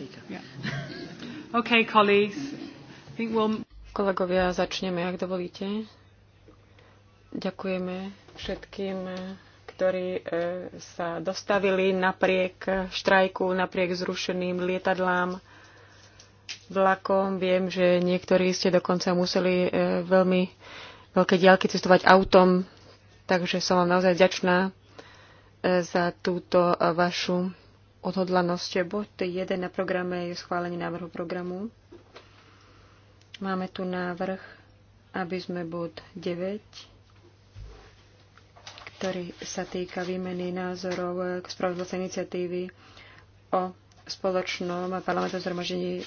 speaker. Yeah. okay, colleagues. I think we'll... Kolegovia, začneme, ak dovolíte. Ďakujeme všetkým, ktorí e, sa dostavili napriek štrajku, napriek zrušeným lietadlám, vlakom. Viem, že niektorí ste dokonca museli e, veľmi veľké diaľky cestovať autom, takže som vám naozaj ďačná e, za túto vašu to Bod jeden na programe je schválenie návrhu programu. Máme tu návrh, aby sme bod 9, ktorý sa týka výmeny názorov k spravodlivosti iniciatívy o spoločnom parlamentnom zhromaždení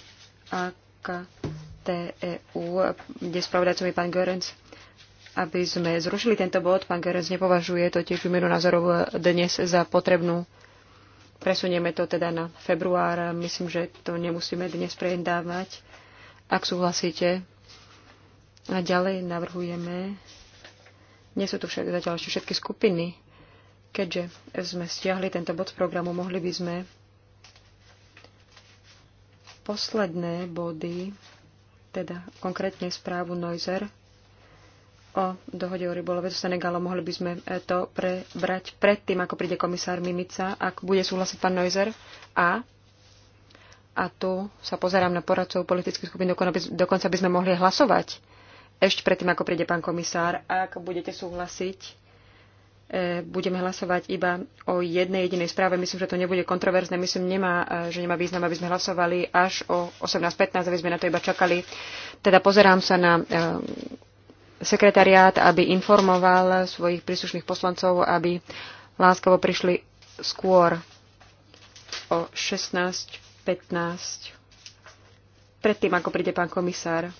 AKTEU, kde spravodajcom je pán Görens aby sme zrušili tento bod. Pán Gerens nepovažuje totiž výmenu názorov dnes za potrebnú. Presunieme to teda na február. Myslím, že to nemusíme dnes prejendávať, Ak súhlasíte, a ďalej navrhujeme, nie sú tu však zatiaľ ešte všetky skupiny, keďže sme stiahli tento bod z programu, mohli by sme posledné body, teda konkrétne správu Noiser, o dohode o rybolove so Senegalom. Mohli by sme eh, to prebrať predtým, ako príde komisár Mimica, ak bude súhlasiť pán Neuser. A, a tu sa pozerám na poradcov politických skupín, dokonca by sme mohli hlasovať ešte predtým, ako príde pán komisár. Ak budete súhlasiť, eh, budeme hlasovať iba o jednej jedinej správe. Myslím, že to nebude kontroverzné. Myslím, nemá, eh, že nemá význam, aby sme hlasovali až o 18.15, aby sme na to iba čakali. Teda pozerám sa na sekretariát, aby informoval svojich príslušných poslancov, aby láskavo prišli skôr o 16.15 predtým, ako príde pán komisár.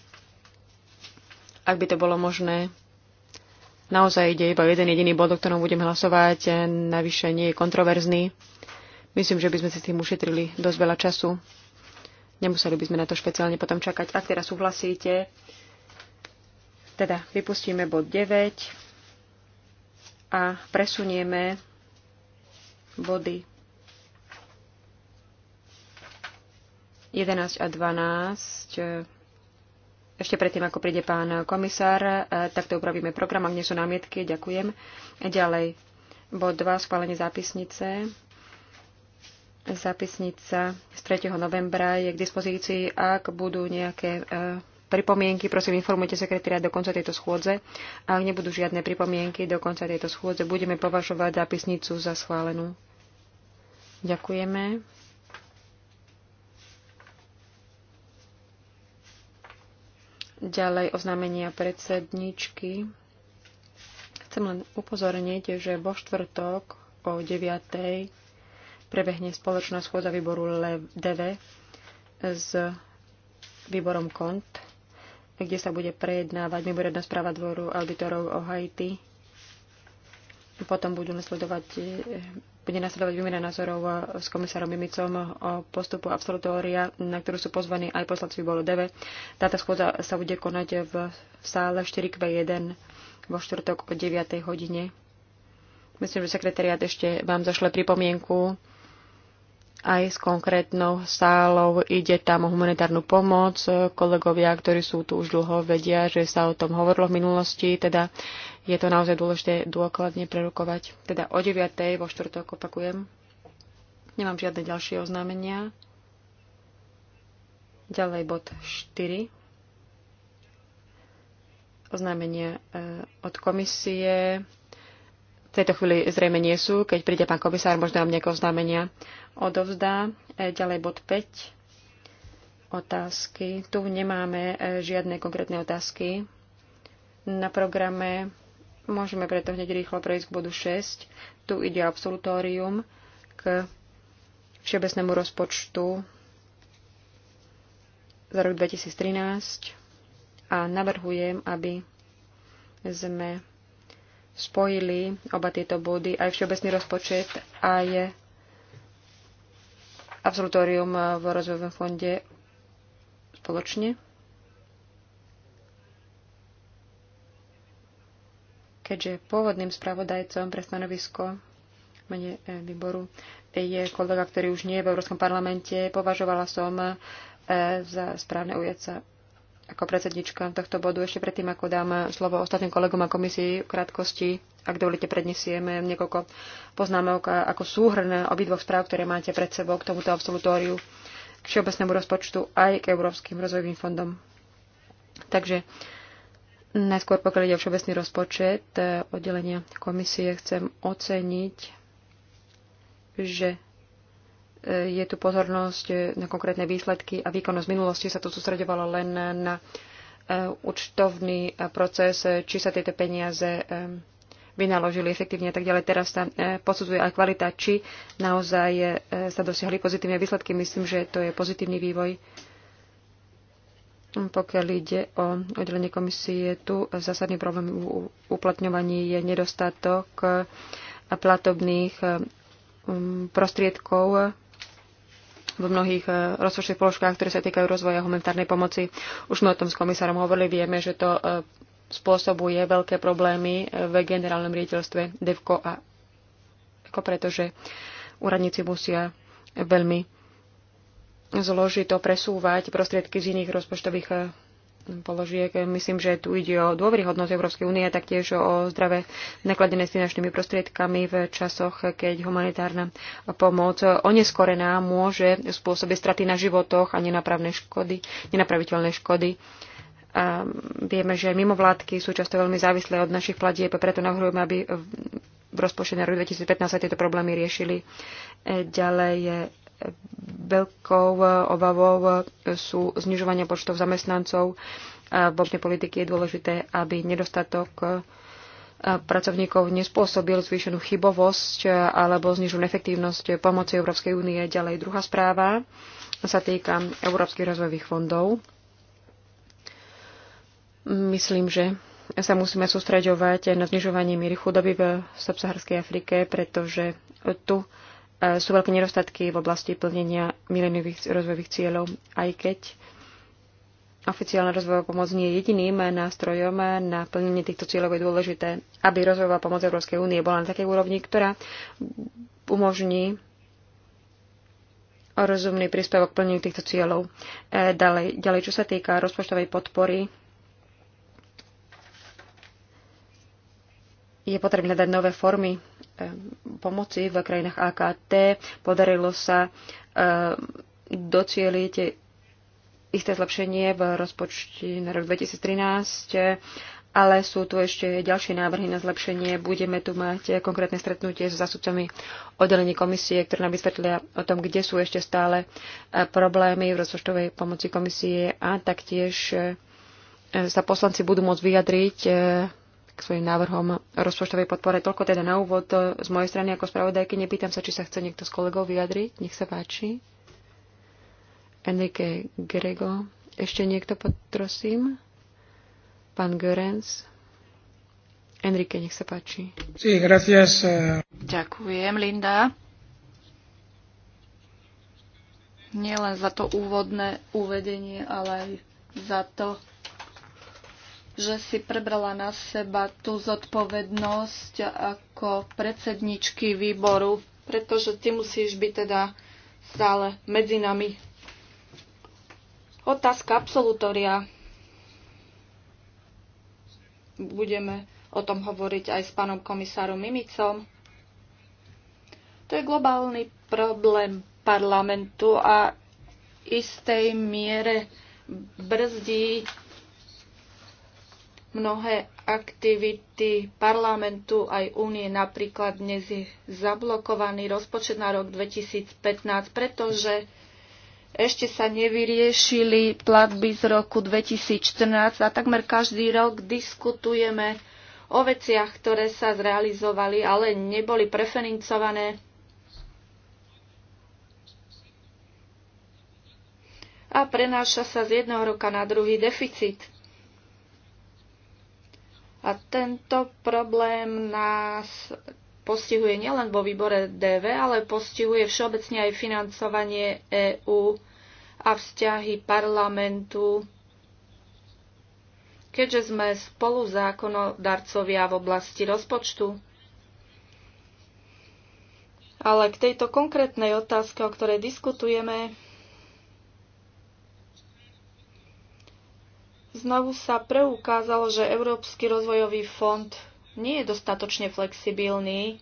Ak by to bolo možné, naozaj ide iba jeden jediný bod, o ktorom budem hlasovať, navyše nie je kontroverzný. Myslím, že by sme si tým ušetrili dosť veľa času. Nemuseli by sme na to špeciálne potom čakať. Ak teraz súhlasíte, teda vypustíme bod 9 a presunieme body 11 a 12. Ešte predtým, ako príde pán komisár, e, tak to upravíme program. Ak nie sú námietky, ďakujem. Ďalej, bod 2, schválenie zápisnice. Zápisnica z 3. novembra je k dispozícii, ak budú nejaké e, pripomienky, prosím, informujte sekretariat do konca tejto schôdze. Ak nebudú žiadne pripomienky do konca tejto schôdze, budeme považovať zápisnicu za schválenú. Ďakujeme. Ďalej oznámenia predsedničky. Chcem len upozorniť, že vo štvrtok o 9.00 prebehne spoločná schôdza výboru e DV s výborom KONT kde sa bude prejednávať mimoriadná správa dvoru auditorov o Haiti. Potom budú nasledovať, bude nasledovať výmena názorov s komisárom Mimicom o postupu absolutória, na ktorú sú pozvaní aj poslanci výboru DV. Táto schôdza sa bude konať v sále 4Q1 vo štvrtok o 9. hodine. Myslím, že sekretariat ešte vám zašle pripomienku aj s konkrétnou sálou. Ide tam o humanitárnu pomoc. Kolegovia, ktorí sú tu už dlho, vedia, že sa o tom hovorilo v minulosti, teda je to naozaj dôležité dôkladne prerukovať. Teda o 9. vo štvrtok opakujem. Nemám žiadne ďalšie oznámenia. Ďalej bod 4. Oznámenie eh, od komisie v tejto chvíli zrejme nie sú. Keď príde pán komisár, možno vám nejaké oznámenia odovzdá. E, ďalej bod 5. Otázky. Tu nemáme e, žiadne konkrétne otázky na programe. Môžeme preto hneď rýchlo prejsť k bodu 6. Tu ide absolutórium k všeobecnému rozpočtu za rok 2013 a navrhujem, aby sme spojili oba tieto body, aj všeobecný rozpočet, aj absolutórium v rozvojovom fonde spoločne. Keďže pôvodným spravodajcom pre stanovisko mene eh, výboru je kolega, ktorý už nie je v Európskom parlamente, považovala som eh, za správne ujať sa ako predsednička tohto bodu. Ešte predtým, ako dám slovo ostatným kolegom a komisii v krátkosti, ak dovolíte, predniesieme niekoľko poznámok ako súhrn obidvoch správ, ktoré máte pred sebou k tomuto absolutóriu, k všeobecnému rozpočtu aj k Európskym rozvojovým fondom. Takže najskôr pokiaľ ide o všeobecný rozpočet oddelenia komisie, chcem oceniť, že je tu pozornosť na konkrétne výsledky a výkonnosť minulosti sa to sústredovalo len na e, účtovný proces, či sa tieto peniaze e, vynaložili efektívne a tak ďalej. Teraz sa e, posudzuje aj kvalita, či naozaj sa dosiahli pozitívne výsledky. Myslím, že to je pozitívny vývoj. Pokiaľ ide o oddelenie komisie, tu zásadný problém v uplatňovaní je nedostatok platobných prostriedkov vo mnohých e, rozpočtových položkách, ktoré sa týkajú rozvoja humanitárnej pomoci. Už sme o tom s komisárom hovorili, vieme, že to e, spôsobuje veľké problémy e, v generálnom riaditeľstve DEVKO a ECO, pretože úradníci musia veľmi zložito presúvať prostriedky z iných rozpočtových položiek. Myslím, že tu ide o dôveryhodnosť Európskej únie, taktiež o zdravé nakladené s finančnými prostriedkami v časoch, keď humanitárna pomoc oneskorená môže spôsobiť straty na životoch a nenapravné škody, nenapraviteľné škody. A vieme, že mimovládky sú často veľmi závislé od našich platieb, preto navrhujeme, aby v rozpočte na rok 2015 sa tieto problémy riešili. E, ďalej e, Veľkou e, obavou e, sú znižovanie počtov zamestnancov. E, v obnej politiky je dôležité, aby nedostatok pracovníkov nespôsobil zvýšenú chybovosť alebo zniženú efektívnosť pomoci Európskej únie. Ďalej druhá správa sa týka Európskych rozvojových fondov. Myslím, že sa musíme sústreďovať na znižovanie miery chudoby v subsaharskej Afrike, pretože tu sú veľké nedostatky v oblasti plnenia milenových rozvojových cieľov, aj keď oficiálna rozvojová pomoc nie je jediným nástrojom na plnenie týchto cieľov. Je dôležité, aby rozvojová pomoc Európskej únie bola na takej úrovni, ktorá umožní rozumný príspevok plneniu týchto cieľov. E, ďalej, ďalej, čo sa týka rozpočtovej podpory, je potrebné dať nové formy Eh, pomoci v krajinách AKT. Podarilo sa eh, docieliť isté zlepšenie v rozpočti na rok 2013, ale sú tu ešte ďalšie návrhy na zlepšenie. Budeme tu mať konkrétne stretnutie s zasudcami oddelení komisie, ktoré nám vysvetlia o tom, kde sú ešte stále eh, problémy v rozpočtovej pomoci komisie a taktiež sa poslanci budú môcť vyjadriť k svojim návrhom rozpočtovej podpore. Toľko teda na úvod z mojej strany ako spravodajky. Nepýtam sa, či sa chce niekto z kolegov vyjadriť. Nech sa páči. Enrique Grego. Ešte niekto, poprosím? Pán Görens. Enrique, nech sa páči. Sí, gracias. Eh. Ďakujem, Linda. Nielen za to úvodné uvedenie, ale aj za to, že si prebrala na seba tú zodpovednosť ako predsedničky výboru, pretože ty musíš byť teda stále medzi nami. Otázka absolutória. Budeme o tom hovoriť aj s pánom komisárom Mimicom. To je globálny problém parlamentu a istej miere brzdí Mnohé aktivity parlamentu aj únie napríklad dnes je zablokovaný rozpočet na rok 2015, pretože ešte sa nevyriešili platby z roku 2014 a takmer každý rok diskutujeme o veciach, ktoré sa zrealizovali, ale neboli preferencované. A prenáša sa z jedného roka na druhý deficit. A tento problém nás postihuje nielen vo výbore DV, ale postihuje všeobecne aj financovanie EÚ a vzťahy parlamentu, keďže sme spolu zákonodarcovia v oblasti rozpočtu. Ale k tejto konkrétnej otázke, o ktorej diskutujeme, Znovu sa preukázalo, že Európsky rozvojový fond nie je dostatočne flexibilný,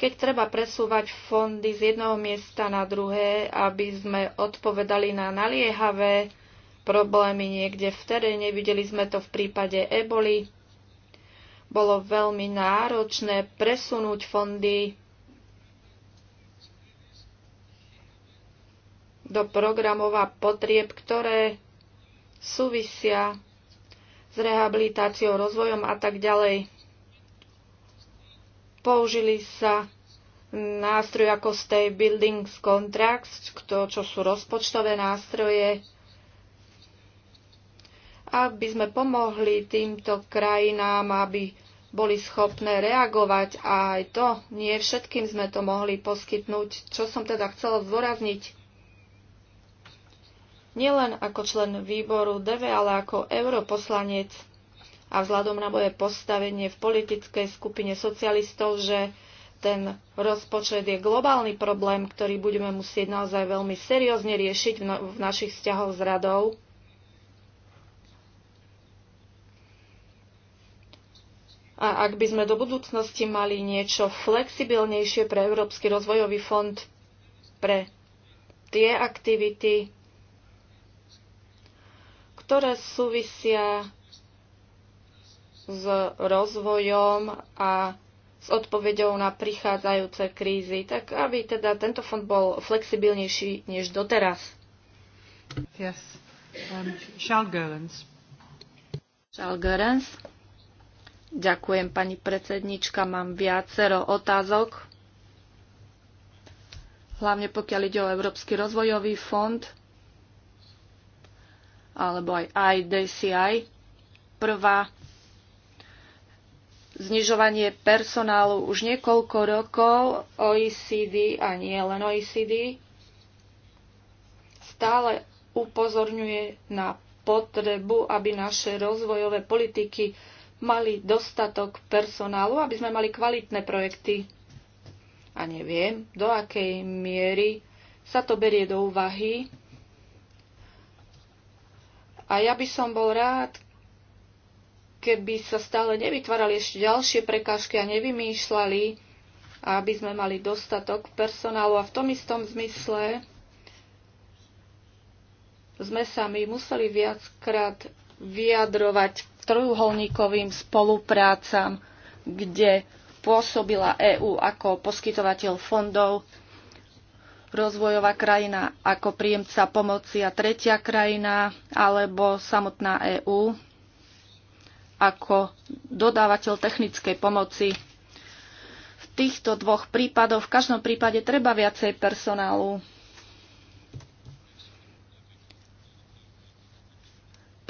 keď treba presúvať fondy z jedného miesta na druhé, aby sme odpovedali na naliehavé problémy niekde v teréne. Videli sme to v prípade eboli. Bolo veľmi náročné presunúť fondy do programov a potrieb, ktoré súvisia s rehabilitáciou, rozvojom a tak ďalej. Použili sa nástroje ako State Buildings Contracts, čo sú rozpočtové nástroje, aby sme pomohli týmto krajinám, aby boli schopné reagovať a aj to nie všetkým sme to mohli poskytnúť. Čo som teda chcela zdôrazniť, nielen ako člen výboru DV, ale ako europoslanec a vzhľadom na moje postavenie v politickej skupine socialistov, že ten rozpočet je globálny problém, ktorý budeme musieť naozaj veľmi seriózne riešiť v, na- v našich vzťahoch s radou. A ak by sme do budúcnosti mali niečo flexibilnejšie pre Európsky rozvojový fond, pre tie aktivity, ktoré súvisia s rozvojom a s odpovedou na prichádzajúce krízy, tak aby teda tento fond bol flexibilnejší než doteraz. Yes. Um, Charles Gerens. Charles Gerens. Ďakujem, pani predsednička. Mám viacero otázok, hlavne pokiaľ ide o Európsky rozvojový fond alebo aj IDCI. Prvá znižovanie personálu už niekoľko rokov OECD a nie len OECD stále upozorňuje na potrebu, aby naše rozvojové politiky mali dostatok personálu, aby sme mali kvalitné projekty. A neviem, do akej miery sa to berie do úvahy a ja by som bol rád, keby sa stále nevytvárali ešte ďalšie prekážky a nevymýšľali, aby sme mali dostatok personálu. A v tom istom zmysle sme sa my museli viackrát vyjadrovať k trojuholníkovým spoluprácam, kde pôsobila EÚ ako poskytovateľ fondov rozvojová krajina ako príjemca pomoci a tretia krajina alebo samotná EÚ ako dodávateľ technickej pomoci. V týchto dvoch prípadoch v každom prípade treba viacej personálu.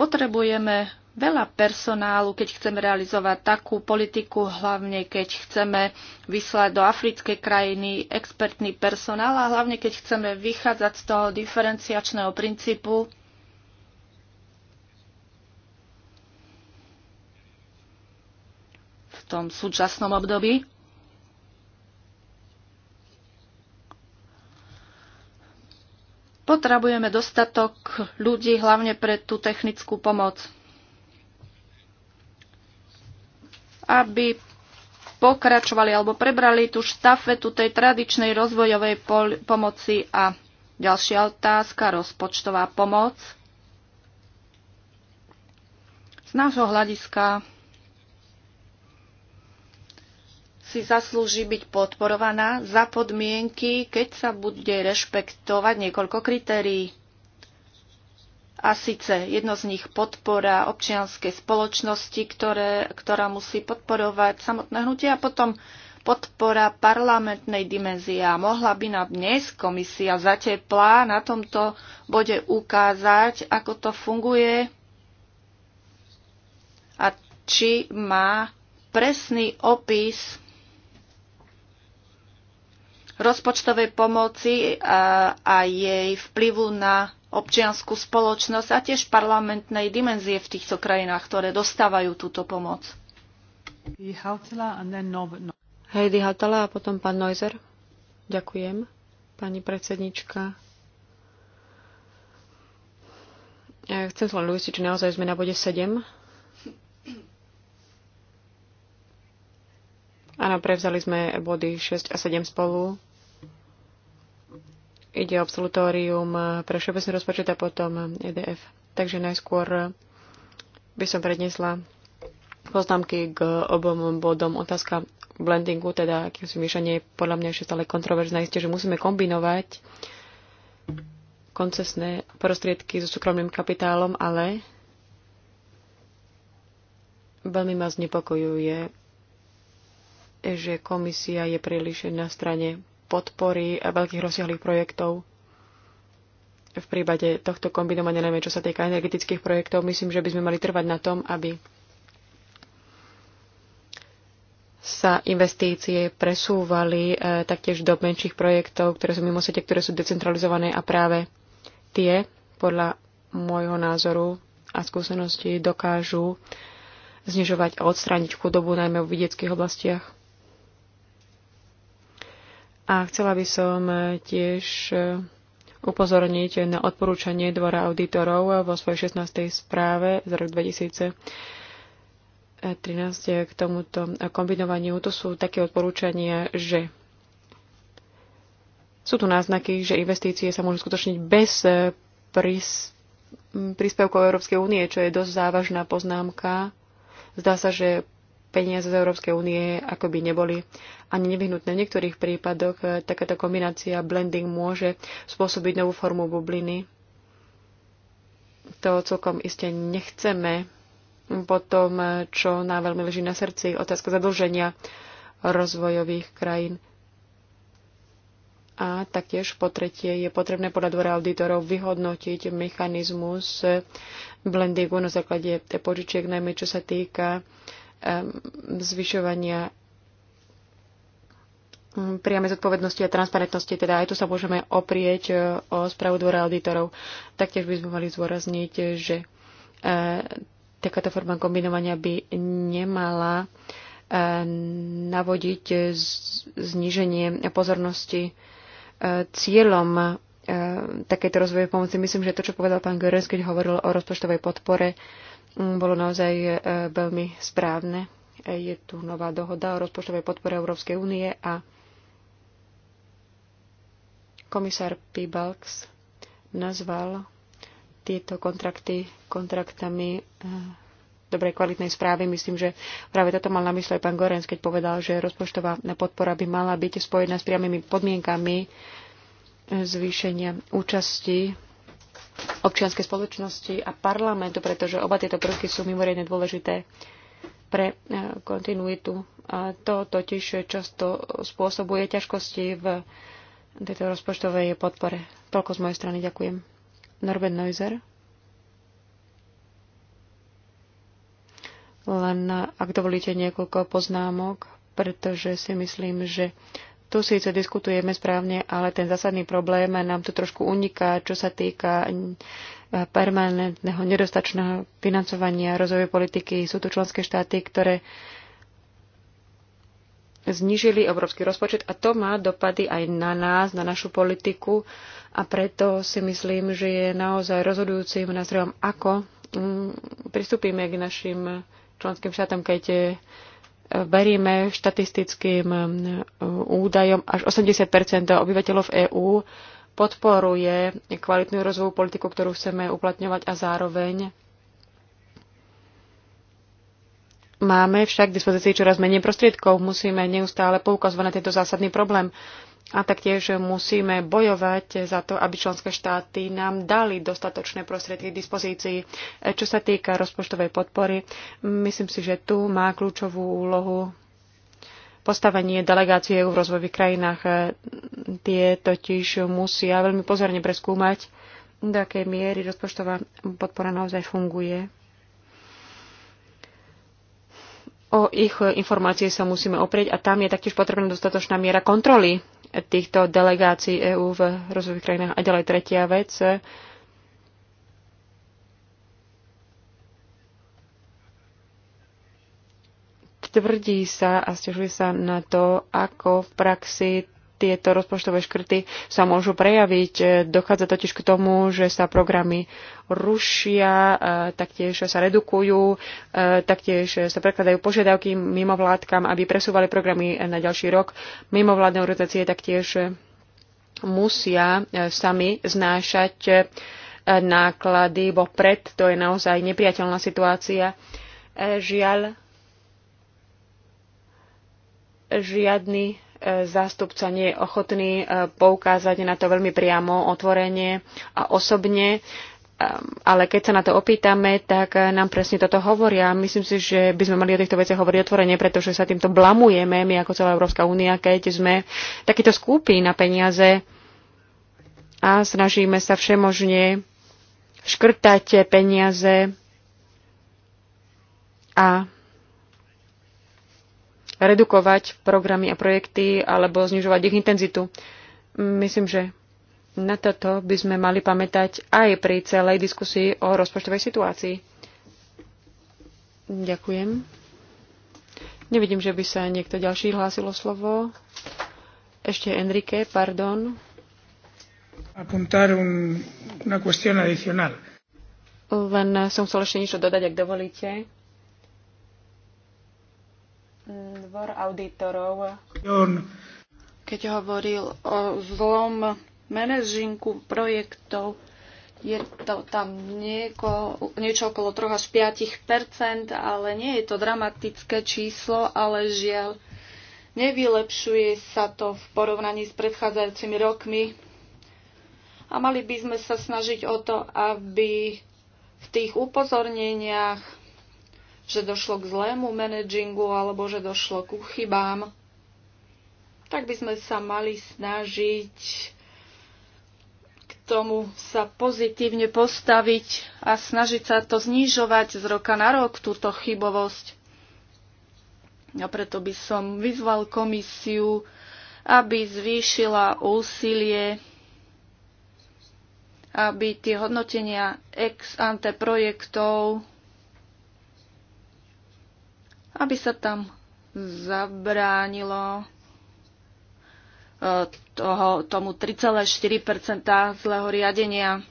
Potrebujeme veľa personálu, keď chceme realizovať takú politiku, hlavne keď chceme vyslať do africkej krajiny expertný personál a hlavne keď chceme vychádzať z toho diferenciačného princípu. v tom súčasnom období Potrebujeme dostatok ľudí hlavne pre tú technickú pomoc, aby pokračovali alebo prebrali tú štafetu tej tradičnej rozvojovej pomoci. A ďalšia otázka, rozpočtová pomoc. Z nášho hľadiska si zaslúži byť podporovaná za podmienky, keď sa bude rešpektovať niekoľko kritérií. A síce jedno z nich podpora občianskej spoločnosti, ktoré, ktorá musí podporovať samotné hnutie a potom podpora parlamentnej dimenzie. A mohla by nám dnes komisia zateplá na tomto bode ukázať, ako to funguje a či má presný opis rozpočtovej pomoci a, a jej vplyvu na občianskú spoločnosť a tiež parlamentnej dimenzie v týchto krajinách, ktoré dostávajú túto pomoc. Heidi Hatala a potom pán Neuser. Ďakujem, pani predsednička. Ja chcem sa len uistiť, či naozaj sme na bode 7. Áno, prevzali sme body 6 a 7 spolu ide o absolutórium pre všeobecný rozpočet a potom EDF. Takže najskôr by som prednesla poznámky k obom bodom. Otázka blendingu, teda akýsi miešanie, podľa mňa ešte stále kontroverzná Isté, že musíme kombinovať koncesné prostriedky so súkromným kapitálom, ale veľmi ma znepokojuje, že komisia je príliš na strane podpory a veľkých rozsiahlých projektov. V prípade tohto kombinovania, najmä čo sa týka energetických projektov, myslím, že by sme mali trvať na tom, aby sa investície presúvali e, taktiež do menších projektov, ktoré sú mimo sete, ktoré sú decentralizované a práve tie, podľa môjho názoru a skúsenosti, dokážu znižovať a odstrániť chudobu najmä v vidieckých oblastiach. A chcela by som tiež e, upozorniť na odporúčanie Dvora auditorov vo svojej 16. správe z roku 2013 k tomuto kombinovaniu. To sú také odporúčania, že sú tu náznaky, že investície sa môžu skutočniť bez e, prís- príspevkov Európskej únie, čo je dosť závažná poznámka. Zdá sa, že peniaze z Európskej únie ako by neboli ani nevyhnutné. V niektorých prípadoch eh, takáto kombinácia blending môže spôsobiť novú formu bubliny. To celkom iste nechceme. Potom, eh, čo nám veľmi leží na srdci, otázka zadlženia rozvojových krajín. A taktiež po tretie je potrebné podľa dvora auditorov vyhodnotiť mechanizmus eh, blendingu na základe požičiek, najmä čo sa týka zvyšovania mm, priame zodpovednosti a transparentnosti, teda aj tu sa môžeme oprieť e, o správu dvora auditorov. Taktiež by sme mali zvorazniť, že e, takáto forma kombinovania by nemala e, navodiť zníženie pozornosti cieľom takéto rozvoje pomoci. Myslím, že to, čo povedal pán Görens, keď hovoril o rozpočtovej podpore, Mm, bolo naozaj e, veľmi správne. E, je tu nová dohoda o rozpočtovej podpore Európskej únie a komisár Pibalks nazval tieto kontrakty kontraktami e, dobrej kvalitnej správy. Myslím, že práve toto mal na mysle aj pán Gorenc, keď povedal, že rozpočtová podpora by mala byť spojená s priamými podmienkami zvýšenia účasti občianskej spoločnosti a parlamentu, pretože oba tieto prvky sú mimoriadne dôležité pre e, kontinuitu. A to totiž často spôsobuje ťažkosti v tejto rozpočtovej podpore. Toľko z mojej strany. Ďakujem. Norbert Neuser. Len ak dovolíte niekoľko poznámok, pretože si myslím, že tu síce diskutujeme správne, ale ten zásadný problém nám tu trošku uniká, čo sa týka e, permanentného nedostačného financovania rozvoju politiky. Sú tu členské štáty, ktoré znížili obrovský rozpočet a to má dopady aj na nás, na našu politiku a preto si myslím, že je naozaj rozhodujúcim nástrojom, ako mm, pristúpime k našim členským štátom, keď veríme štatistickým um, údajom, až 80 obyvateľov EÚ podporuje kvalitnú rozvojovú politiku, ktorú chceme uplatňovať a zároveň máme však k dispozícii čoraz menej prostriedkov. Musíme neustále poukazovať na tento zásadný problém. A taktiež musíme bojovať za to, aby členské štáty nám dali dostatočné prostriedky k dispozícii. E, čo sa týka rozpočtovej podpory, myslím si, že tu má kľúčovú úlohu postavenie delegácie v rozvojových krajinách. E, tie totiž musia veľmi pozorne preskúmať, do akej miery rozpočtová podpora naozaj funguje. O ich informácie sa musíme oprieť a tam je taktiež potrebná dostatočná miera kontroly týchto delegácií EÚ v rozvojových krajinách. A ďalej tretia vec. Tvrdí sa a stiažuje sa na to, ako v praxi tieto rozpočtové škrty sa môžu prejaviť. E, dochádza totiž k tomu, že sa programy rušia, e, taktiež sa redukujú, e, taktiež sa prekladajú požiadavky mimovládkam, aby presúvali programy na ďalší rok. Mimovládne organizácie taktiež musia sami znášať náklady vopred. To je naozaj nepriateľná situácia. Žiaľ, žiadny zástupca nie je ochotný e, poukázať na to veľmi priamo, otvorene a osobne, e, ale keď sa na to opýtame, tak nám presne toto hovoria. Myslím si, že by sme mali o týchto veciach hovoriť otvorene, pretože sa týmto blamujeme my ako celá Európska únia, keď sme takýto skúpi na peniaze a snažíme sa všemožne škrtať peniaze a redukovať programy a projekty alebo znižovať ich intenzitu. Myslím, že na toto by sme mali pamätať aj pri celej diskusii o rozpočtovej situácii. Ďakujem. Nevidím, že by sa niekto ďalší hlásil o slovo. Ešte Enrique, pardon. Apuntar un, una cuestión adicional. Len som chcel ešte niečo dodať, ak dovolíte dvor auditorov. Keď hovoril o zlom manažinku projektov, je to tam nieko, niečo okolo 3 až 5 ale nie je to dramatické číslo, ale žiaľ, nevylepšuje sa to v porovnaní s predchádzajúcimi rokmi. A mali by sme sa snažiť o to, aby v tých upozorneniach že došlo k zlému managingu alebo že došlo ku chybám, tak by sme sa mali snažiť k tomu sa pozitívne postaviť a snažiť sa to znižovať z roka na rok, túto chybovosť. A preto by som vyzval komisiu, aby zvýšila úsilie, aby tie hodnotenia ex ante projektov aby sa tam zabránilo e, toho, tomu 3,4 zlého riadenia.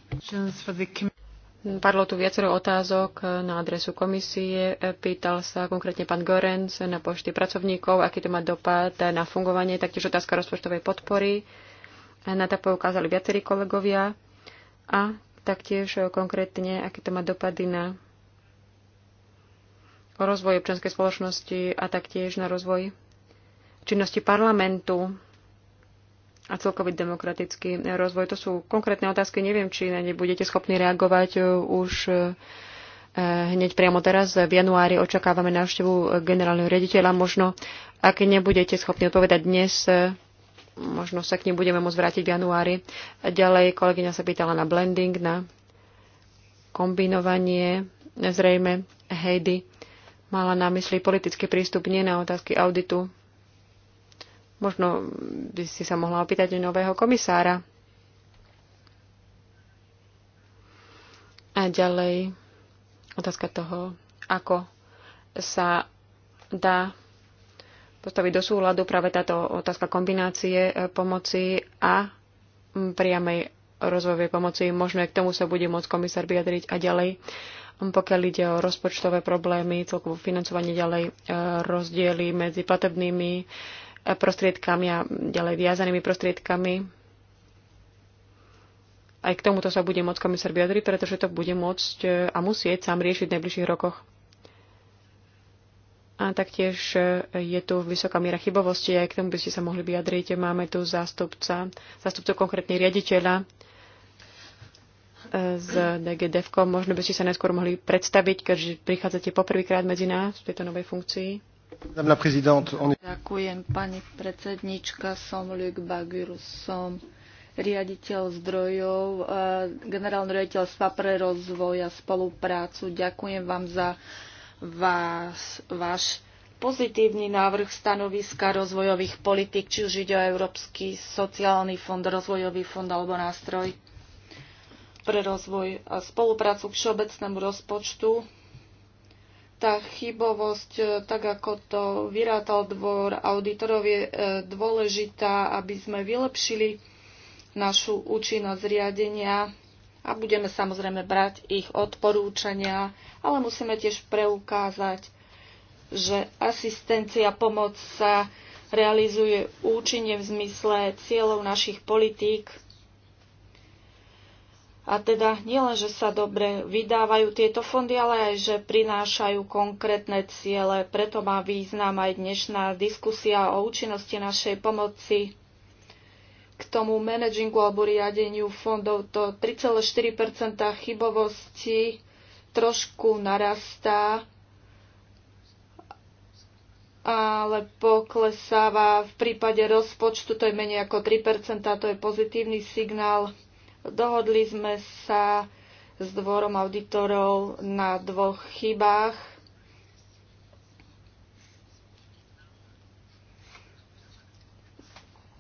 Padlo tu viacero otázok na adresu komisie. Pýtal sa konkrétne pán Gorenc na počty pracovníkov, aký to má dopad na fungovanie, taktiež otázka rozpočtovej podpory. Na to poukázali viacerí kolegovia. A taktiež konkrétne, aké to má dopady na rozvoj občianskej spoločnosti a taktiež na rozvoj činnosti parlamentu a celkový demokratický rozvoj. To sú konkrétne otázky. Neviem, či na ne budete schopní reagovať e, už e, hneď priamo teraz. V januári očakávame návštevu generálneho riaditeľa. Možno, ak nebudete schopní odpovedať dnes, e, možno sa k ním budeme môcť vrátiť v januári. Ďalej kolegyňa sa pýtala na blending, na kombinovanie. Zrejme, Heidi, mala na mysli politický prístup, nie na otázky auditu. Možno by si sa mohla opýtať nového komisára. A ďalej otázka toho, ako sa dá postaviť do súhľadu práve táto otázka kombinácie eh, pomoci a mm, priamej rozvojovej pomoci Možno aj K tomu sa bude môcť komisár vyjadriť a ďalej. Pokiaľ ide o rozpočtové problémy, celkovo financovanie ďalej, e, rozdiely medzi platebnými e, prostriedkami a ďalej viazanými prostriedkami. Aj k tomuto sa bude môcť komisár vyjadriť, pretože to bude môcť e, a musieť sám riešiť v najbližších rokoch. A taktiež je tu vysoká miera chybovosti, aj k tomu by ste sa mohli vyjadriť. Máme tu zástupca, zástupcu konkrétne riaditeľa z DG DEVCO. Možno by ste sa najskôr mohli predstaviť, keďže prichádzate poprvýkrát medzi nás v tejto novej funkcii. Ďakujem, pani predsednička. Som Luc Bagur, som riaditeľ zdrojov, generálne riaditeľstva pre rozvoj a spoluprácu. Ďakujem vám za vás, váš pozitívny návrh stanoviska rozvojových politik, či už ide o Európsky sociálny fond, rozvojový fond alebo nástroj pre rozvoj a spoluprácu k všeobecnému rozpočtu. Tá chybovosť, e, tak ako to vyrátal dvor auditorov, je e, dôležitá, aby sme vylepšili našu účinnosť riadenia a budeme samozrejme brať ich odporúčania, ale musíme tiež preukázať, že asistencia, pomoc sa realizuje účinne v zmysle cieľov našich politík a teda nielen, že sa dobre vydávajú tieto fondy, ale aj, že prinášajú konkrétne ciele. Preto má význam aj dnešná diskusia o účinnosti našej pomoci k tomu managingu alebo riadeniu fondov. To 3,4 chybovosti trošku narastá, ale poklesáva v prípade rozpočtu, to je menej ako 3 to je pozitívny signál Dohodli sme sa s dvorom auditorov na dvoch chybách.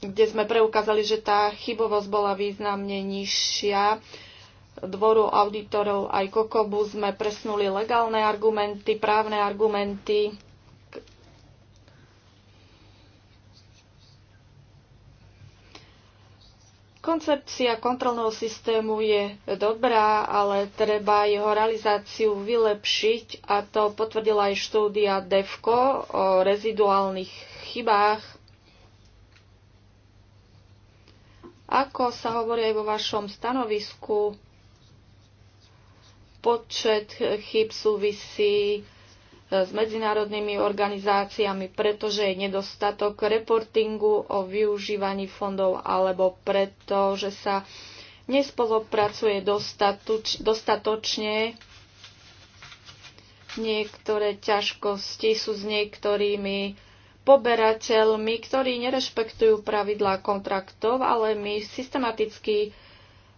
kde sme preukázali, že tá chybovosť bola významne nižšia. Dvoru auditorov aj Kokobu sme presnuli legálne argumenty, právne argumenty Koncepcia kontrolného systému je dobrá, ale treba jeho realizáciu vylepšiť a to potvrdila aj štúdia DEFCO o reziduálnych chybách. Ako sa hovorí aj vo vašom stanovisku, počet chyb súvisí s medzinárodnými organizáciami, pretože je nedostatok reportingu o využívaní fondov alebo preto, že sa nespolupracuje dostatočne. Niektoré ťažkosti sú s niektorými poberateľmi, ktorí nerešpektujú pravidlá kontraktov, ale my systematicky e,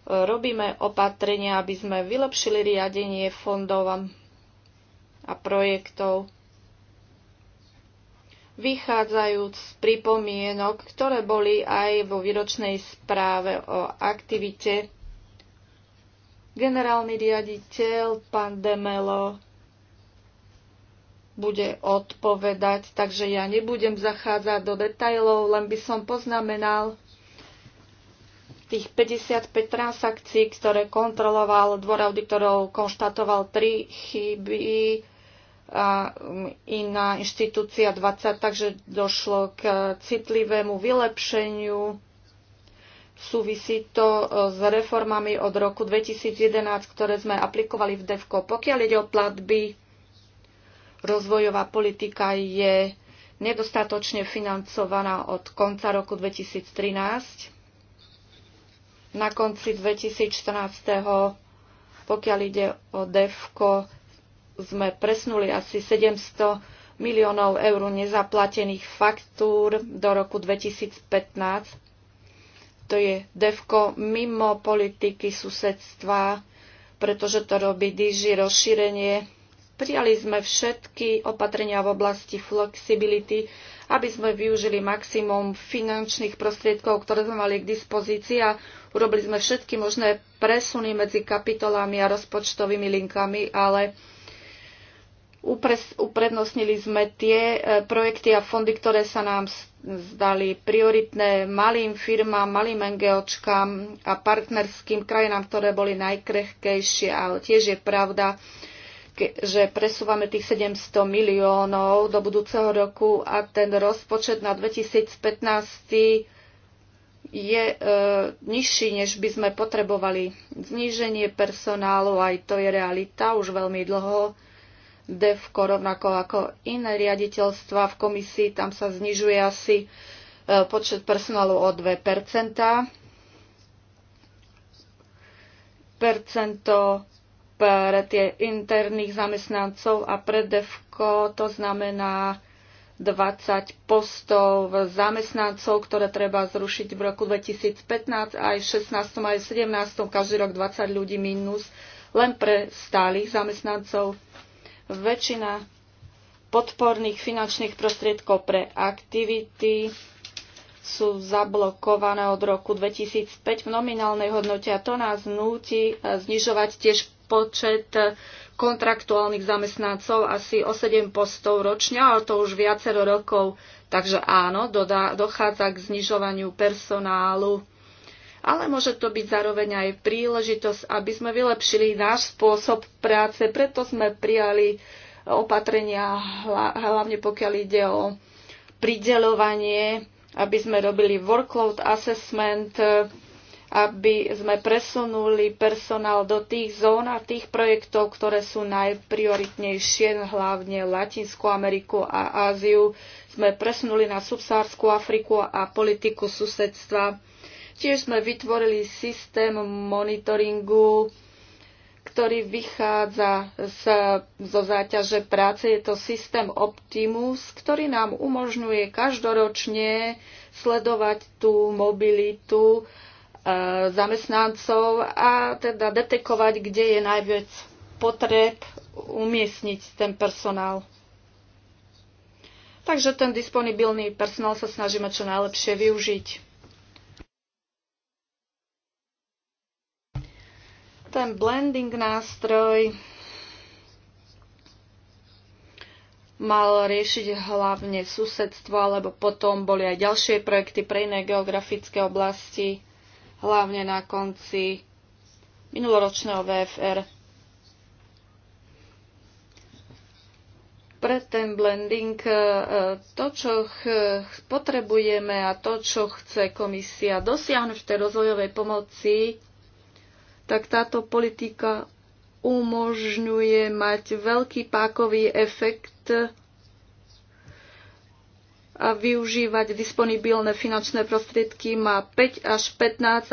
robíme opatrenia, aby sme vylepšili riadenie fondov a projektov, vychádzajúc z pripomienok, ktoré boli aj vo výročnej správe o aktivite. Generálny riaditeľ pán Demelo bude odpovedať, takže ja nebudem zachádzať do detajlov, len by som poznamenal tých 55 transakcií, ktoré kontroloval dvor auditorov, konštatoval tri chyby, a um, iná inštitúcia 20, takže došlo k citlivému vylepšeniu. Súvisí to e, s reformami od roku 2011, ktoré sme aplikovali v DEVKO. Pokiaľ ide o platby, rozvojová politika je nedostatočne financovaná od konca roku 2013. Na konci 2014. pokiaľ ide o DEVKO, sme presnuli asi 700 miliónov eur nezaplatených faktúr do roku 2015. To je DEVKO mimo politiky susedstva, pretože to robí DG rozšírenie. Prijali sme všetky opatrenia v oblasti flexibility, aby sme využili maximum finančných prostriedkov, ktoré sme mali k dispozícii a urobili sme všetky možné presuny medzi kapitolami a rozpočtovými linkami, ale Uprednostnili sme tie e, projekty a fondy, ktoré sa nám zdali prioritné malým firmám, malým NGOčkám a partnerským krajinám, ktoré boli najkrehkejšie. Ale tiež je pravda, že presúvame tých 700 miliónov do budúceho roku a ten rozpočet na 2015 je e, nižší, než by sme potrebovali. Zníženie personálu, aj to je realita už veľmi dlho DEVKO, rovnako ako iné riaditeľstva v komisii, tam sa znižuje asi e, počet personálu o 2 percento pre tie interných zamestnancov a pre DEVKO to znamená 20 postov zamestnancov, ktoré treba zrušiť v roku 2015, aj v 16, aj v 17, každý rok 20 ľudí minus, len pre stálych zamestnancov väčšina podporných finančných prostriedkov pre aktivity sú zablokované od roku 2005 v nominálnej hodnote a to nás núti e, znižovať tiež počet e, kontraktuálnych zamestnancov asi o 7 postov ročne, ale to už viacero rokov. Takže áno, dochádza k znižovaniu personálu ale môže to byť zároveň aj príležitosť, aby sme vylepšili náš spôsob práce. Preto sme prijali opatrenia, hlavne pokiaľ ide o prideľovanie, aby sme robili workload assessment, aby sme presunuli personál do tých zón a tých projektov, ktoré sú najprioritnejšie, hlavne Latinskú Ameriku a Áziu. Sme presunuli na subsárskú Afriku a politiku susedstva Tiež sme vytvorili systém monitoringu, ktorý vychádza z, zo záťaže práce. Je to systém Optimus, ktorý nám umožňuje každoročne sledovať tú mobilitu e, zamestnancov a teda detekovať, kde je najviac potreb umiestniť ten personál. Takže ten disponibilný personál sa snažíme čo najlepšie využiť. Ten blending nástroj mal riešiť hlavne susedstvo, alebo potom boli aj ďalšie projekty pre iné geografické oblasti, hlavne na konci minuloročného VFR. Pre ten blending e, to, čo potrebujeme a to, čo chce komisia dosiahnuť v tej rozvojovej pomoci, tak táto politika umožňuje mať veľký pákový efekt a využívať disponibilné finančné prostriedky má 5 až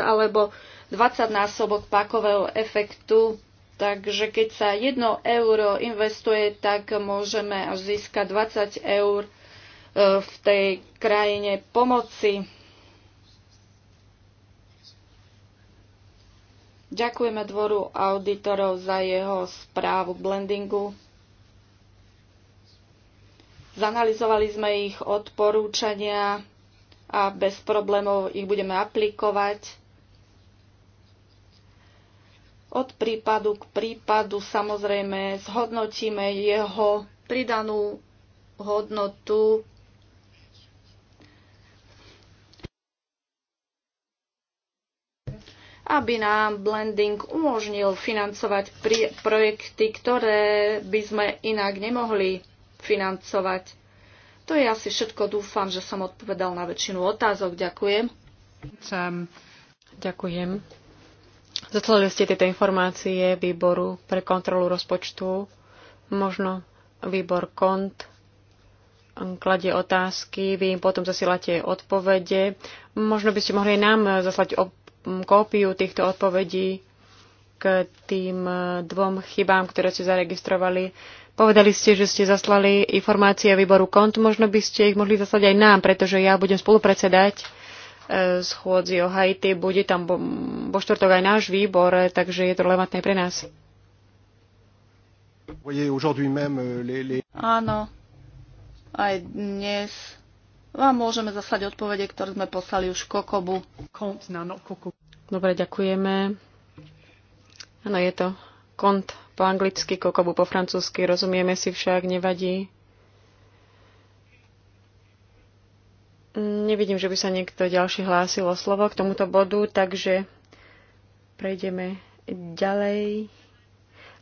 15 alebo 20 násobok pákového efektu. Takže keď sa 1 euro investuje, tak môžeme až získať 20 eur e, v tej krajine pomoci. Ďakujeme dvoru auditorov za jeho správu k blendingu. Zanalizovali sme ich odporúčania a bez problémov ich budeme aplikovať. Od prípadu k prípadu samozrejme zhodnotíme jeho pridanú hodnotu aby nám blending umožnil financovať projekty, ktoré by sme inak nemohli financovať. To je asi všetko. Dúfam, že som odpovedal na väčšinu otázok. Ďakujem. Ďakujem. Zatlali ste tieto informácie výboru pre kontrolu rozpočtu. Možno výbor KONT kladie otázky, vy im potom zasielate odpovede. Možno by ste mohli nám zaslať Mm, kópiu týchto odpovedí k tým e, dvom chybám, ktoré ste zaregistrovali. Povedali ste, že ste zaslali informácie výboru kont, možno by ste ich mohli zaslať aj nám, pretože ja budem spolupredsedať e, schôdzi o Haiti, bude tam vo štvrtok aj náš výbor, takže je to relevantné pre nás. Euh, Áno, aj dnes vám môžeme zaslať odpovede, ktoré sme poslali už Kokobu. No- Dobre, ďakujeme. Áno, je to kont po anglicky, Kokobu po francúzsky, rozumieme si však, nevadí. Nevidím, že by sa niekto ďalší hlásil o slovo k tomuto bodu, takže prejdeme ďalej.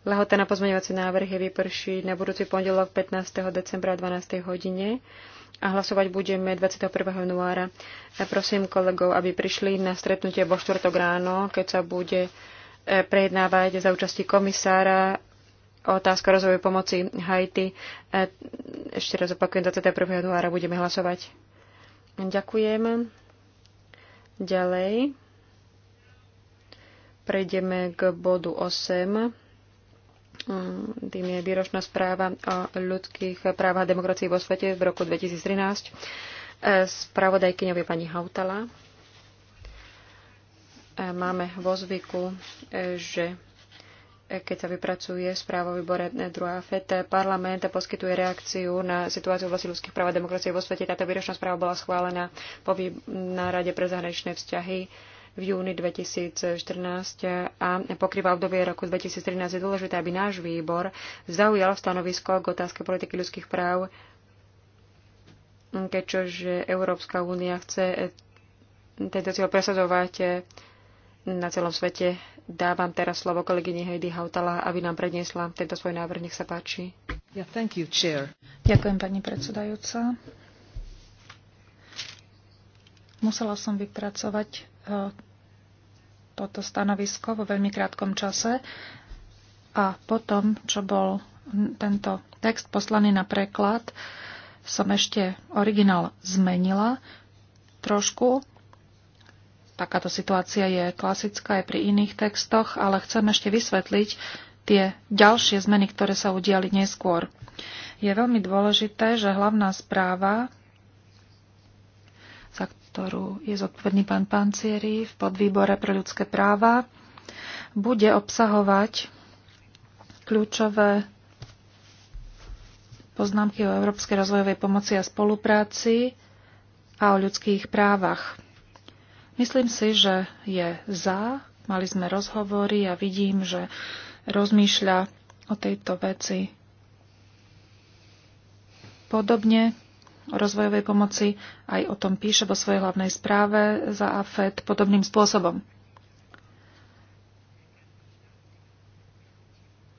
Lehota na pozmeňovacie návrhy vyprší na budúci pondelok 15. decembra 12. hodine a hlasovať budeme 21. januára. Ja prosím kolegov, aby prišli na stretnutie vo štvrtok ráno, keď sa bude e, prejednávať za účasti komisára otázka rozvoju pomoci Haiti. E, ešte raz opakujem, 21. januára budeme hlasovať. Ďakujem. Ďalej prejdeme k bodu 8. Mm, tým je výročná správa o ľudských právach a demokracii vo svete v roku 2013. E, spravodajkyňou je pani Hautala. E, máme vo zvyku, e, že keď sa vypracuje správa výbore druhá FET, parlament poskytuje reakciu na situáciu v ľudských práv a demokracie vo svete. Táto výročná správa bola schválená na Rade pre zahraničné vzťahy v júni 2014 a pokrýva obdobie roku 2013, je dôležité, aby náš výbor zaujal stanovisko k otázke politiky ľudských práv, keďže Európska únia chce tento cieľ presadzovať na celom svete. Dávam teraz slovo kolegyni Heidi Hautala, aby nám predniesla tento svoj návrh. Nech sa páči. Yeah, thank you, chair. Ďakujem, pani predsedajúca. Musela som vypracovať eh, toto stanovisko vo veľmi krátkom čase a potom, čo bol tento text poslaný na preklad, som ešte originál zmenila trošku. Takáto situácia je klasická aj pri iných textoch, ale chcem ešte vysvetliť tie ďalšie zmeny, ktoré sa udiali neskôr. Je veľmi dôležité, že hlavná správa ktorú je zodpovedný pán Pancieri v podvýbore pre ľudské práva, bude obsahovať kľúčové poznámky o Európskej rozvojovej pomoci a spolupráci a o ľudských právach. Myslím si, že je za. Mali sme rozhovory a vidím, že rozmýšľa o tejto veci podobne rozvojovej pomoci. Aj o tom píše vo svojej hlavnej správe za AFED podobným spôsobom.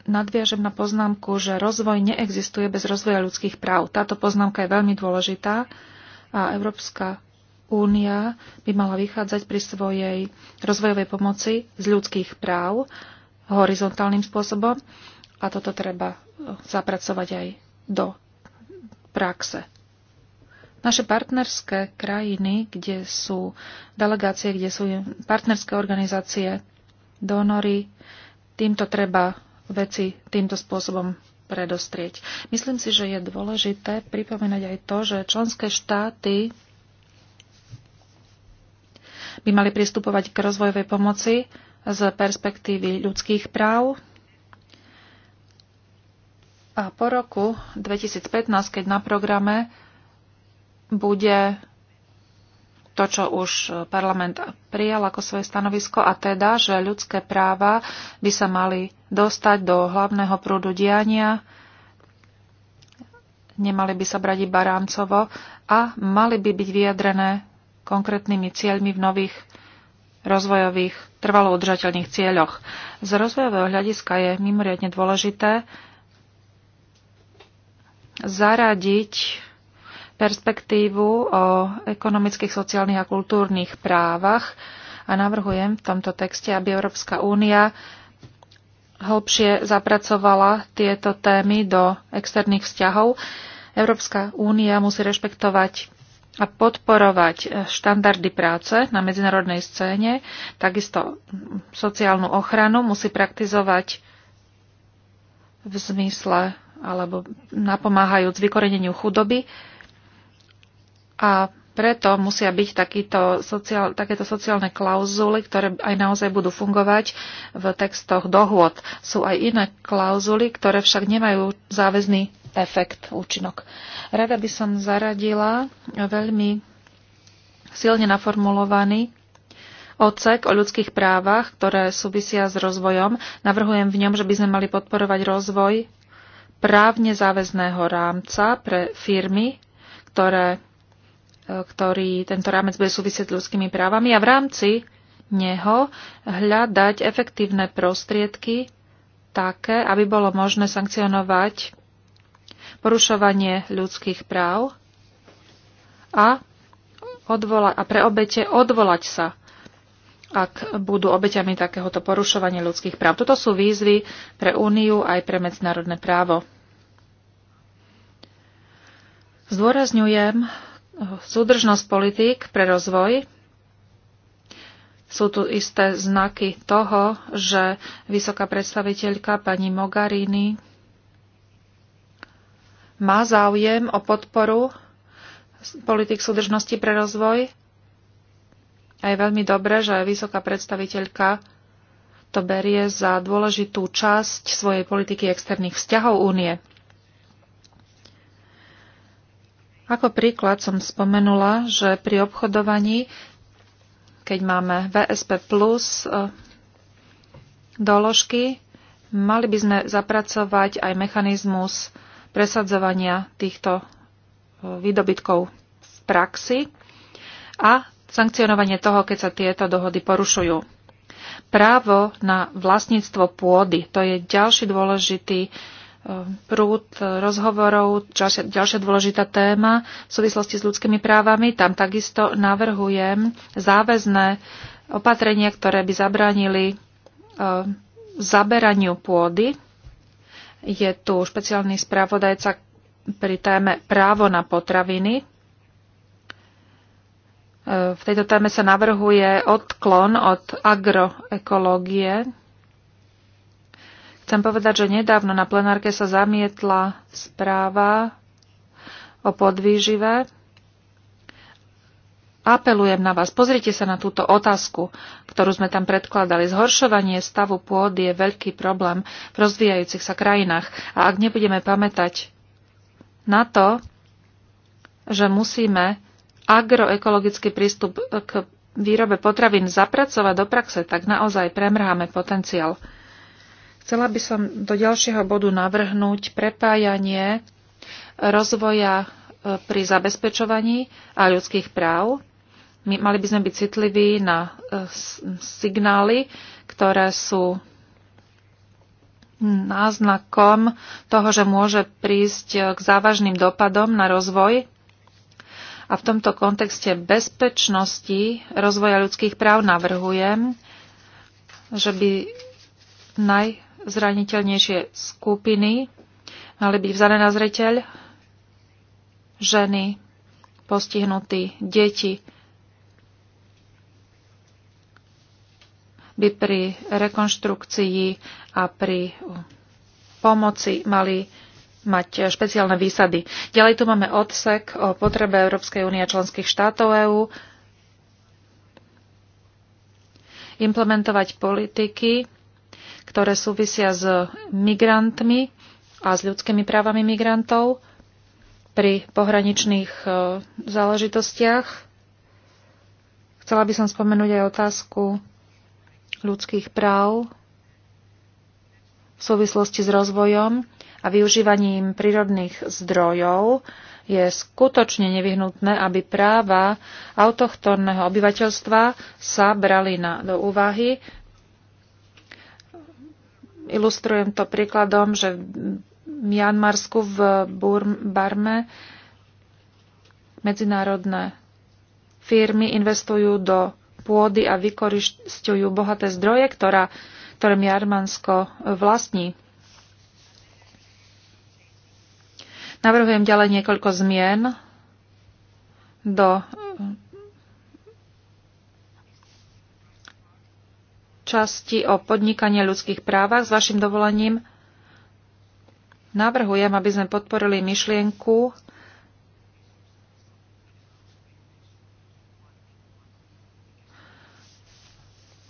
Nadviažem na poznámku, že rozvoj neexistuje bez rozvoja ľudských práv. Táto poznámka je veľmi dôležitá a Európska únia by mala vychádzať pri svojej rozvojovej pomoci z ľudských práv horizontálnym spôsobom a toto treba zapracovať aj do praxe. Naše partnerské krajiny, kde sú delegácie, kde sú partnerské organizácie, donory, týmto treba veci týmto spôsobom predostrieť. Myslím si, že je dôležité pripomínať aj to, že členské štáty by mali pristupovať k rozvojovej pomoci z perspektívy ľudských práv. A po roku 2015, keď na programe bude to, čo už parlament prijal ako svoje stanovisko, a teda, že ľudské práva by sa mali dostať do hlavného prúdu diania, nemali by sa brať iba rámcovo a mali by byť vyjadrené konkrétnymi cieľmi v nových rozvojových trvalo udržateľných cieľoch. Z rozvojového hľadiska je mimoriadne dôležité zaradiť perspektívu o ekonomických, sociálnych a kultúrnych právach a navrhujem v tomto texte, aby Európska únia hlbšie zapracovala tieto témy do externých vzťahov. Európska únia musí rešpektovať a podporovať štandardy práce na medzinárodnej scéne, takisto sociálnu ochranu musí praktizovať v zmysle alebo napomáhajúc vykoreneniu chudoby, a preto musia byť takýto sociál, takéto sociálne klauzuly, ktoré aj naozaj budú fungovať v textoch dohôd. Sú aj iné klauzuly, ktoré však nemajú záväzný efekt, účinok. Rada by som zaradila veľmi silne naformulovaný odsek o ľudských právach, ktoré súvisia s rozvojom. Navrhujem v ňom, že by sme mali podporovať rozvoj právne záväzného rámca pre firmy, ktoré ktorý tento rámec bude súvisieť s ľudskými právami a v rámci neho hľadať efektívne prostriedky také, aby bolo možné sankcionovať porušovanie ľudských práv a, odvola- a pre obete odvolať sa, ak budú obeťami takéhoto porušovania ľudských práv. Toto sú výzvy pre Úniu aj pre medzinárodné právo. Zdôrazňujem, súdržnosť politík pre rozvoj. Sú tu isté znaky toho, že vysoká predstaviteľka pani Mogarini má záujem o podporu politik súdržnosti pre rozvoj. A je veľmi dobré, že vysoká predstaviteľka to berie za dôležitú časť svojej politiky externých vzťahov únie. Ako príklad som spomenula, že pri obchodovaní, keď máme VSP plus e, doložky, mali by sme zapracovať aj mechanizmus presadzovania týchto e, výdobytkov v praxi a sankcionovanie toho, keď sa tieto dohody porušujú. Právo na vlastníctvo pôdy, to je ďalší dôležitý prúd rozhovorov, ďalšia, ďalšia dôležitá téma v súvislosti s ľudskými právami. Tam takisto navrhujem záväzné opatrenia, ktoré by zabránili e, zaberaniu pôdy. Je tu špeciálny správodajca pri téme právo na potraviny. E, v tejto téme sa navrhuje odklon od agroekológie, Chcem povedať, že nedávno na plenárke sa zamietla správa o podvýžive. Apelujem na vás, pozrite sa na túto otázku, ktorú sme tam predkladali. Zhoršovanie stavu pôdy je veľký problém v rozvíjajúcich sa krajinách. A ak nebudeme pamätať na to, že musíme agroekologický prístup k výrobe potravín zapracovať do praxe, tak naozaj premrháme potenciál. Chcela by som do ďalšieho bodu navrhnúť prepájanie rozvoja e, pri zabezpečovaní a ľudských práv. My mali by sme byť citliví na e, signály, ktoré sú náznakom toho, že môže prísť e, k závažným dopadom na rozvoj a v tomto kontexte bezpečnosti rozvoja ľudských práv navrhujem, že by naj zraniteľnejšie skupiny. Mali byť vzané na zreteľ ženy, postihnutí, deti by pri rekonštrukcii a pri pomoci mali mať špeciálne výsady. Ďalej tu máme odsek o potrebe Európskej únie a členských štátov EÚ implementovať politiky ktoré súvisia s migrantmi a s ľudskými právami migrantov pri pohraničných e, záležitostiach. Chcela by som spomenúť aj otázku ľudských práv v súvislosti s rozvojom a využívaním prírodných zdrojov je skutočne nevyhnutné, aby práva autochtónneho obyvateľstva sa brali na, do úvahy Ilustrujem to príkladom, že v Mianmarsku v Burm, Barme medzinárodné firmy investujú do pôdy a vykoristujú bohaté zdroje, ktorá, ktoré Mianmarsko vlastní. Navrhujem ďalej niekoľko zmien do časti o podnikanie ľudských právach. S vašim dovolením navrhujem, aby sme podporili myšlienku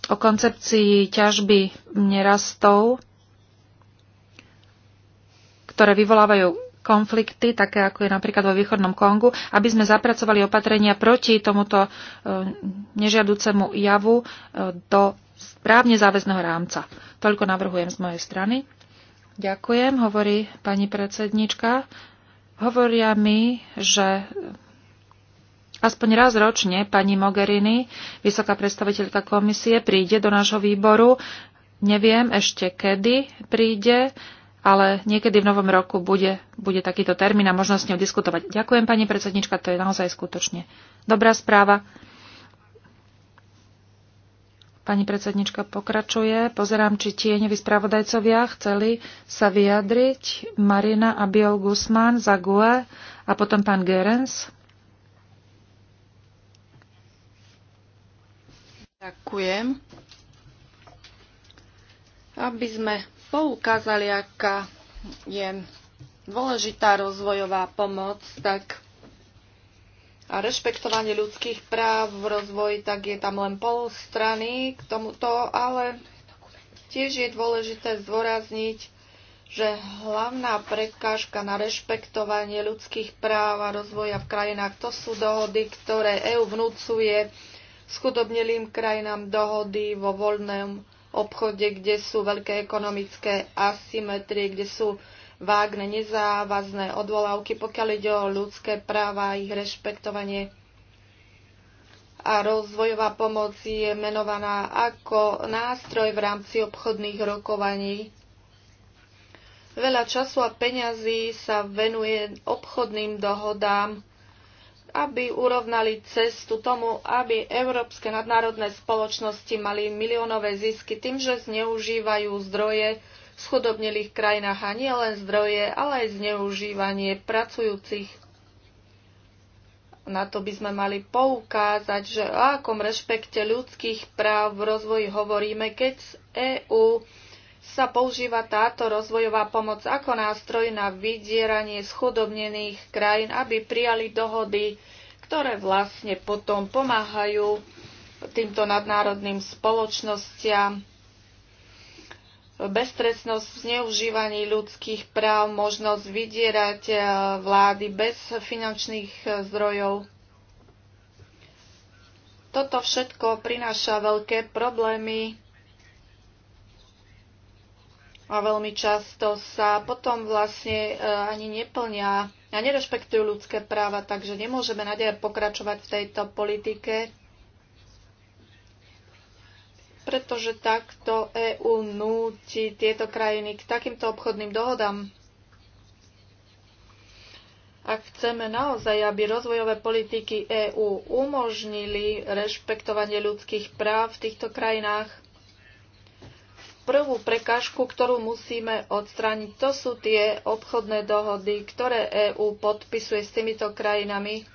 o koncepcii ťažby nerastov, ktoré vyvolávajú konflikty, také ako je napríklad vo východnom Kongu, aby sme zapracovali opatrenia proti tomuto e, nežiaducemu javu e, do správne záväzného rámca. Toľko navrhujem z mojej strany. Ďakujem, hovorí pani predsednička. Hovoria mi, že aspoň raz ročne pani Mogherini, vysoká predstaviteľka komisie, príde do nášho výboru. Neviem ešte kedy príde, ale niekedy v novom roku bude, bude takýto termín a možno s ňou diskutovať. Ďakujem, pani predsednička, to je naozaj skutočne dobrá správa. Pani predsednička pokračuje. Pozerám, či tieňoví spravodajcovia chceli sa vyjadriť. Marina a Biel Guzman za GUE a potom pán Gerens. Ďakujem. Aby sme poukázali, aká je dôležitá rozvojová pomoc, tak a rešpektovanie ľudských práv v rozvoji, tak je tam len pol strany k tomuto, ale tiež je dôležité zdôrazniť, že hlavná prekážka na rešpektovanie ľudských práv a rozvoja v krajinách to sú dohody, ktoré EÚ vnúcuje schudobnelým krajinám dohody vo voľnom obchode, kde sú veľké ekonomické asymetrie, kde sú vágne, nezávazné odvolávky, pokiaľ ide o ľudské práva, ich rešpektovanie a rozvojová pomoc je menovaná ako nástroj v rámci obchodných rokovaní. Veľa času a peňazí sa venuje obchodným dohodám, aby urovnali cestu tomu, aby európske nadnárodné spoločnosti mali miliónové zisky tým, že zneužívajú zdroje schudobnelých krajinách a nie len zdroje, ale aj zneužívanie pracujúcich. Na to by sme mali poukázať, že o akom rešpekte ľudských práv v rozvoji hovoríme, keď z EÚ sa používa táto rozvojová pomoc ako nástroj na vydieranie schudobnených krajín, aby prijali dohody, ktoré vlastne potom pomáhajú týmto nadnárodným spoločnostiam beztrestnosť, zneužívaní ľudských práv, možnosť vydierať eh, vlády bez finančných eh, zdrojov. Toto všetko prináša veľké problémy a veľmi často sa potom vlastne eh, ani neplňa a nerešpektujú ľudské práva, takže nemôžeme nadej pokračovať v tejto politike pretože takto EÚ núti tieto krajiny k takýmto obchodným dohodám. Ak chceme naozaj, aby rozvojové politiky EÚ umožnili rešpektovanie ľudských práv v týchto krajinách, prvú prekážku, ktorú musíme odstrániť, to sú tie obchodné dohody, ktoré EÚ podpisuje s týmito krajinami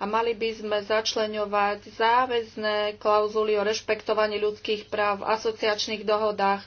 a mali by sme začleňovať záväzné klauzuly o rešpektovaní ľudských práv v asociačných dohodách.